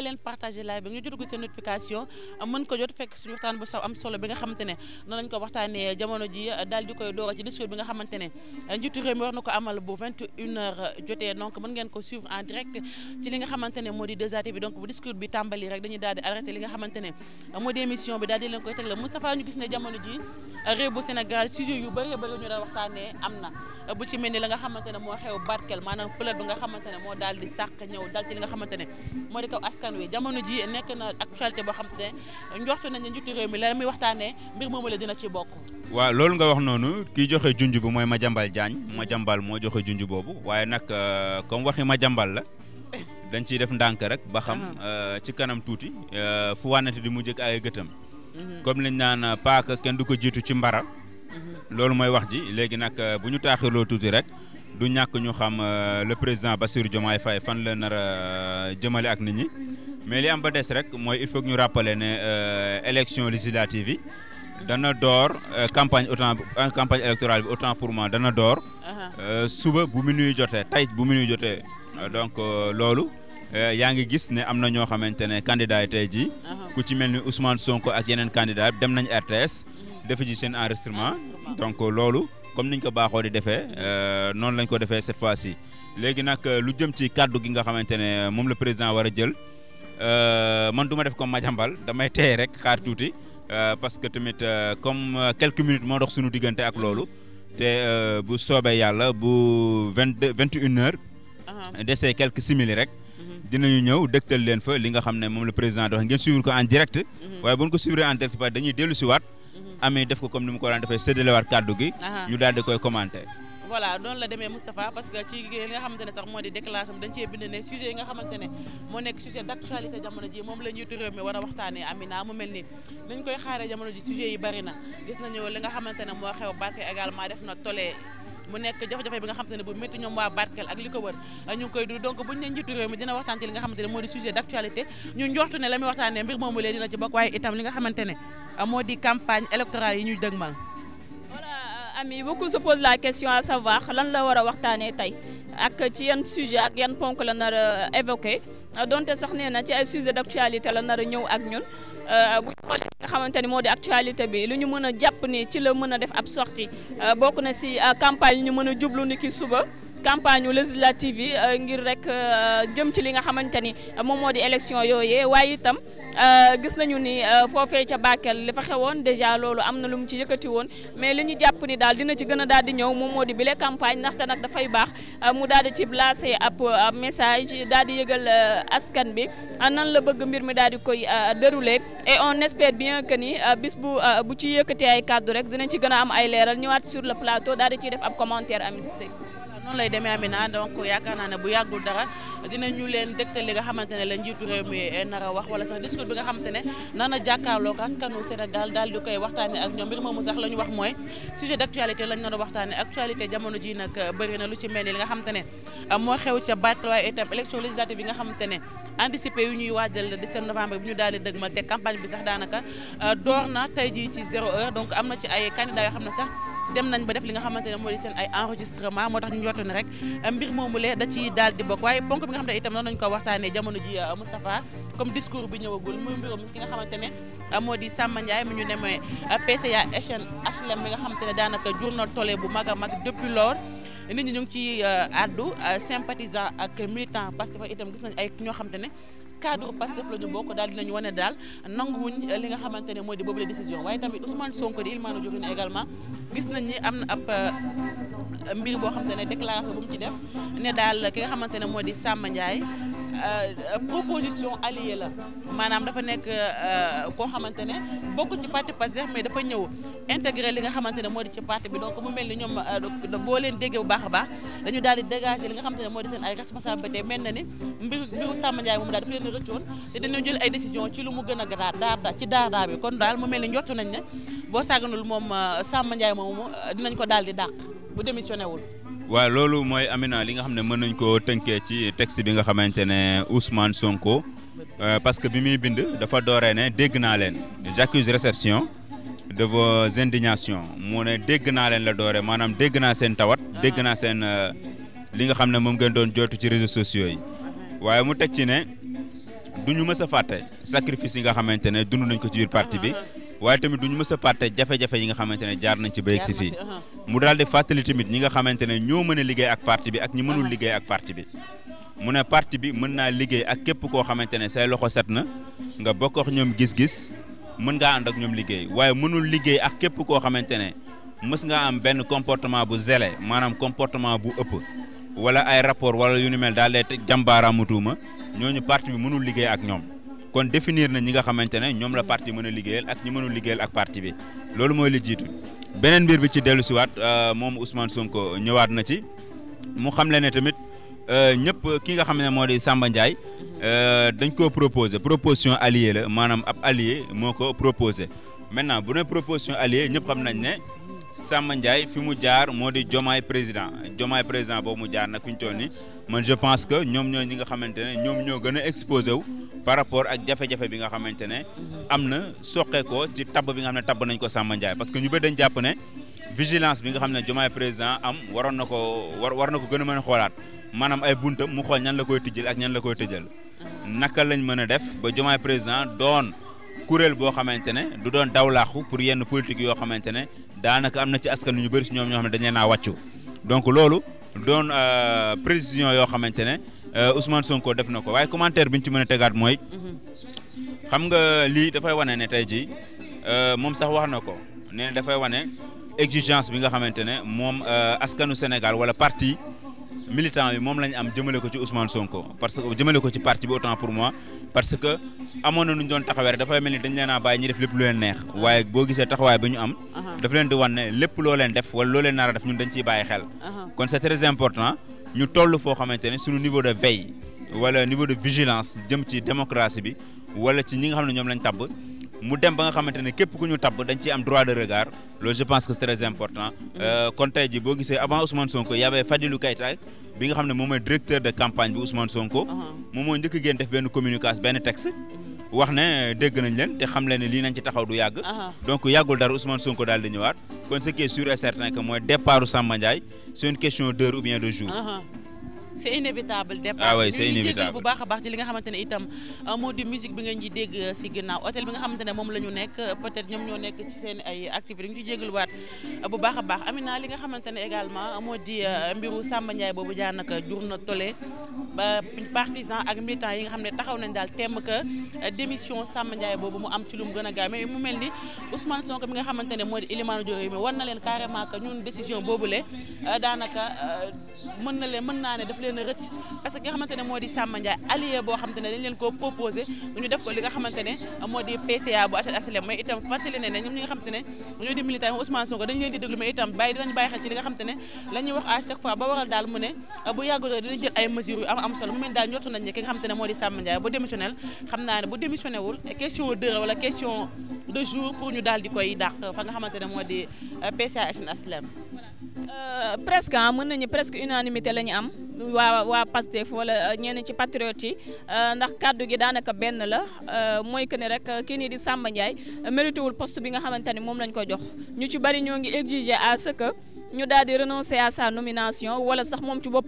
aimé leen partagé live bi ñu jot ko seen notification am solo bi nga xamante ne noonu lañ ko waxtaanee jamono ji daal di koy doora ci discours bi nga xamante ne njiitu réew mi ko amal bu 21 heures jotee donc mën ngeen ne moo di 2STV bi donc bu discours bi tàmbali rek dañuy daal di arrêté li nga xamante ne moo di émission bi daal di leen koy tegle Moustapha ñu gis ne jamono ji réew bu Sénégal sujet yu bëri bëri ñu am na bu ci mel ni la nga xamante ne moo xew barkel maanaam fleur bi nga xamante ne moo daal di sàq ñëw daal li nga xamante ne moo jamono ji nekk na actualité ba xam te ne njortu nañ ne réew mi la muy waxtaanee mbir moomu la dina ci bokk. waaw loolu nga wax noonu kii joxe junj bi mooy Madiambal Diagne Madiambal moo joxe junj boobu waaye nag euh, comme waxi ma Madiambal la. dañ ciy def ndànk rek ba xam euh, ci kanam tuuti euh, fu wànnati di mu jëkk ay gëtam mhm. comme lañ naan paaka kenn du ko jiitu ci mbara mhm. loolu mooy wax ji léegi nag bu ñu taaxirloo tuuti rek du ñàkk ñu xam euh, le président Bassirou Diomaye fay fan la nar a euh, jëmale ak nit ñi mais li am ba des rek mooy il faut ñu rappeler ne euh, élection législative yi dana door campagne autant campagne électorale bi autant pour moi dana door. Uh-huh. suba bu mu minuy jote tey bu mu minuy jotee donc loolu. yaa ngi gis ne am na ñoo xamante ne candidat yi tey jii. Uh-huh. ku ci mel ni Ousmane Sonko ak yeneen candidat dem nañu nañ RTS. defe ji seen enregistrement donc loolu. comme niñ ko baaxoo di defee euh, noonu lañ ko defee cette fois si léegi nag euh, lu jëm ci kàddu gi nga xamante ne moom la président war a jël euh, man duma ma def comme Madiambal damay tey rek xaar tuuti parce que tamit comme quelques minutes moo dox suñu diggante ak loolu te bu soobee yàlla bu vingt deux vingt une heure. Uh-huh. desee quelques simili rek. Uh-huh. dinañu ñëw dëgtal leen fa li nga xam ne moom la président dox ngeen suivre ko en direct. Uh-huh. waaye bu ñu ko suivre en direct Mhm. ami def ko comme ni mu ko daan defee séddalewaat kàddu gi ñu daal koy commenté voilà noonu la demee Moustapha parce que ci li nga xamante ne sax moo di déclaration dañ cee bind ne sujet yi nga xamante ne moo nekk sujet d' actualité jamono ji moom la njiitu réew mi war a waxtaanee Amina mu mel ni nañ koy xaaree jamono ji sujet yi bari na gis nañu li nga xamante ne moo xew barke également def na tolee mu nekk jafe-jafe bi nga xamante bu métti ñoom waa Bakel ak li ko wër ñu ngi koy donc buñ ne njiitu réew mi dina waxtaan ci li nga xamante ne moo di sujet d'actualité ñu njortu ne la muy waxtaanee mbir moomu lee dina ci waaye itam li nga xamante ne moo di campagne électorale yi ñuy dëgmal ami beaucoup se pose la question à savoir lan la war a waxtaanee tey ak ci yan sujet ak yan ponk la na a Euh, donte sax nee na ci ay sujet d'actualité la nar a ñëw ak ñun euh, bu ñu xamante ni moo di actualité bi lu ñu mën a jàpp ni ci la mën a def ab sortie euh, bokk na si campagne yi ñu mën a jublu ni ki suba campagne u législative yi euh, ngir rek euh, jëm ci li nga xamante ni moom moo di élection yooyee waaye itam euh, gis nañu ni foofee ca Bakel li fa xewoon déjà loolu am na lu mu ci yëkkati woon mais li ñu jàpp ni daal dina ci gën a daal di ñëw moom moo di bile campagne ndaxte nag dafay baax mu daal di ci lancé ab message daal di yëgal askan bi nan la bëgg mbir mi daal di koy dérouler et on espère bien que ni bis bu bu ci yëkkatee ay kàddu rek dinañ ci gën am ay leeral ñëwaat sur le plateau daal di ciy def ab commentaire am si noonu lay demee Amina donc yaakaar naa ne bu yàggul dara dinañu leen dégtal li nga xamante ne la njiitu réew mi eh, nar a wax wala sax discours bi nga xamante ne nar na jàkkaarloo ak askanu Sénégal daal di koy waxtaane ak ñoom mbir moom sax la ñu wax mooy sujet d'actualité lañ nar a waxtaane actualité jamono ji nag bëri na lu ci mel ni li nga xamante ne eh, moo xew ca baat waaye itam élection législative yi nga xamante ne anticipé yu ñuy waajal le 17 novembre bi ñu daal di dëgmal te campagne bi sax daanaka eh, door na tey jii ci zéro heure donc am na ci ay candidats yoo xam ne sax dem nañ ba def li nga xamante ne moo di seen ay enregistrement moo tax ñu njortu ne rek mbir moomulee da ci daal di bokk waaye ponk bi nga xam ne itam noonu lañ ko waxtaanee jamono ji euh, Moustapha comme discours bi ñëwagul muy mbirum ki nga xamante ne euh, moo di Samba Ndiaye mu ñu demee euh, PCA HLM bi nga xamante ne daanaka jur na tolee bu mag a mag depuis lors nit ñi ñu ngi ci àddu sympathisant ak militant parce que itam gis nañ ay ñoo xamante ne cadre Pastef la ñu bokk daal dinañu wane daal nanguwuñ li nga xamante ne mooy di boobu la décision waaye tamit Ousmane Sonko di Ilmaana Diourine également gis nañ ni am na ab euh, mbir boo xam te ne déclaration bu mu ci def ne daal ki nga xamante ne moo di sàmm Ndiaye Euh, euh, proposition alliée la maanaam dafa nekk euh, koo xamante ne bokk ci parti Pastef mais dafa ñëw intégré li nga xamante ne moo di ci parti bi donc mu mel ni ñoom boo leen déggee bu baax a baax dañu daal di dégager li nga xamante ne moo di seen ay responsabilité mel na ni mbiru mbiru Samba Ndiaye moom daal dafa leen rëccoon te dañu jël ay décision ci lu mu gën a garaat daar ci daardaa bi kon daal mu mel ni njottu nañ ne boo sàgganul moom Samba Ndiaye moom dinañ ko daal di dàq bu démissionné wul. loolu mooy Amina li nga xam ne mën nañ koo tënkee ci texte bi nga xamante ne Ousmane Sonko euh, parce que bi muy bind dafa dooree ne dégg naa leen j'accuse réception de vos indignations mu ne dégg naa leen la dooree maanaam dégg naa seen tawat dégg naa seen euh, li nga xam ne moom ngeen doon jootu ci réseau sociaux yi waaye mu teg ci ne du ñu mës a fàtte sacrifice yi nga xamante ne dund nañ ko ci wiir partie bi waaye tamit du ñu mës a pàtte jafe-jafe yi nga xamante ne jaar nañ ci ba yegsi fii mu daal di fàttali tamit ñi nga xamante ne ñoo mën a liggéey ak parti bi ak ñi mënul liggéey ak parti bi mu ne parti bi mën naa liggéey ak képp koo xamante ne say loxo set na nga bokk ñoom gis-gis mën ngaa ànd ak ñoom liggéey waaye mënul liggéey ak képp koo xamante ne mës ngaa am benn comportement bu zélé maanaam comportement bu ëpp wala ay rapport wala yu ni mel daal di jàmbaaraamu tuuma ñooñu parti bi mënul liggéey ak ñoom kon définir na ñi nga xamante ne ñoom la parti mën a liggéeyal ak ñi mënu liggéeyal ak parti bi loolu mooy li jiitu beneen mbir bi ci dellu siwaat euh, moom Ousmane Sonko ñëwaat na ci mu xam le ne tamit euh, ñëpp ki nga xam ne moo di Samba Ndiaye euh, dañ ko proposé proposition alliée la maanaam ab allié moo ko proposé maintenant bu ne proposition alliée ñëpp xam nañ ne Samba Ndiaye fi mu jaar moo di Jomaay président Jomaay président boobu mu jaar nag fi ñu toll nii man je pense que ñoom ñoo ñi nga xamante ne ñoom ñoo gën a exposé wu par rapport ak jafe-jafe bi nga xamante ne am na soqe ko ci tabb bi nga xam ne tabb nañ ko Samba Ndiaye parce que ñu bëri dañ jàpp ne vigilance bi nga xam ne Diomaye président am waroon na ko war war na ko gën a mën a xoolaat maanaam ay buntam mu xool ñan la koy tijjal ak ñan la koy tëjal naka lañ mën a def ba Diomaye président doon kuréel boo xamante ne du doon dawlaaxu pour yenn politique yoo xamante ne daanaka am na ci askan wi ñu bëri si ñoom ñoo xam ne dañ leen a wàccu donc loolu euh, yoo xamante ne Euh, Ousmane Sonko def na ko waaye commentaire bi ñu ci mën a tegaat mooy. xam nga lii dafay wane ne tey jii euh, moom sax wax na ko ne dafay wane exigence bi nga xamante ne moom euh, askanu Sénégal wala parti militant bi moom lañ am jëmale ko ci Ousmane Sonko parce que jëmale ko ci parti bi autant pour moi parce que amoon na nu ñu doon taxawee dafay mel ni dañ leen a bàyyi ñi def lépp lu leen neex waaye boo gisee taxawaay bi ñu am. daf leen di wan ne lépp loo leen def wala loo leen nar def ñun dañ ciy bàyyi xel. important. ñu toll foo xamante ne suñu niveau de veille wala niveau de vigilance jëm ci démocratie bi wala ci ñi nga xam ne ñoom lañ tab mu dem ba nga xamante ne képp ku ñu tabb dañ ciy am droit de regard loolu je pense que c'est très important. Mm. Euh, kon tey jii boo gisee avant Ousmane Sonko y avait Fadilou Keita bi nga xam ne moom mooy directeur de campagne bi Ousmane Sonko. Uh-huh. moom moo njëkk a génn def benn communication benn texte. wax ne dégg nañ leen te xam leen ne lii nañ ci taxaw du yàgg. donc yàggul dara Ousmane ko daal di ñëwaat. kon ce qui est sûr et certain que mooy départu Samba Ndiaye une question d'heure ou bien de jour. c'est inévitable départ ah oui c'est inévitable bu baax a baax ci li nga xamante ne itam euh, moo di musique euh, euh, ay activités ñu ci jégaluwaat bu a baax Amina li nga xamante ne également moo di na yi nga xam ne taxaw nañ daal temm que démission Samba Ndiaye boobu mu am ci lu mu gën a gaaw mais mu mel ni Ousmane Sonko mi nga xamante ne moo di Elimane Diouf mi war na leen carrément que ñun décision boobule daanaka mën na leen mën naa ne daf leen leen a rëcc parce que nga xamante ne moo di Samba Ndiaye allié boo xamante ne dañ leen koo proposé ñu def ko li nga xamante ne moo di PCA bu HLM mais itam fàttali ne ne ñoom ñi nga xamante ne ñoo di militant Ousmane Sonko dañ leen di déglu mais itam bàyyi dinañ bàyyi xel ci li nga xamante ne la ñuy wax à chaque fois ba waral daal mu ne bu yàggulee dina jël ay mesures yu am am solo mu mel daal ñottu nañ ne ki nga xamante ne moo di Samba Ndiaye bu démissionnel xam naa ne bu démissionné wul question d'heure wala question de jour pour ñu daal di koy dàq fa nga xamante ne moo di PCA HLM Euh, presque ah, mën nañu presque unanimité la lañu am waa waa Pastef wala euh, ñenn ci patriotes yi euh, ndax kàddu gi daanaka benn la mooy que ne rek kii nii di sàmba Ndiaye mérité wul poste bi nga xamante ni moom lañ ko jox ñu ci bari ñoo ngi exiger à ce que ñu daal di renoncer à sa nomination wala sax moom ci bopp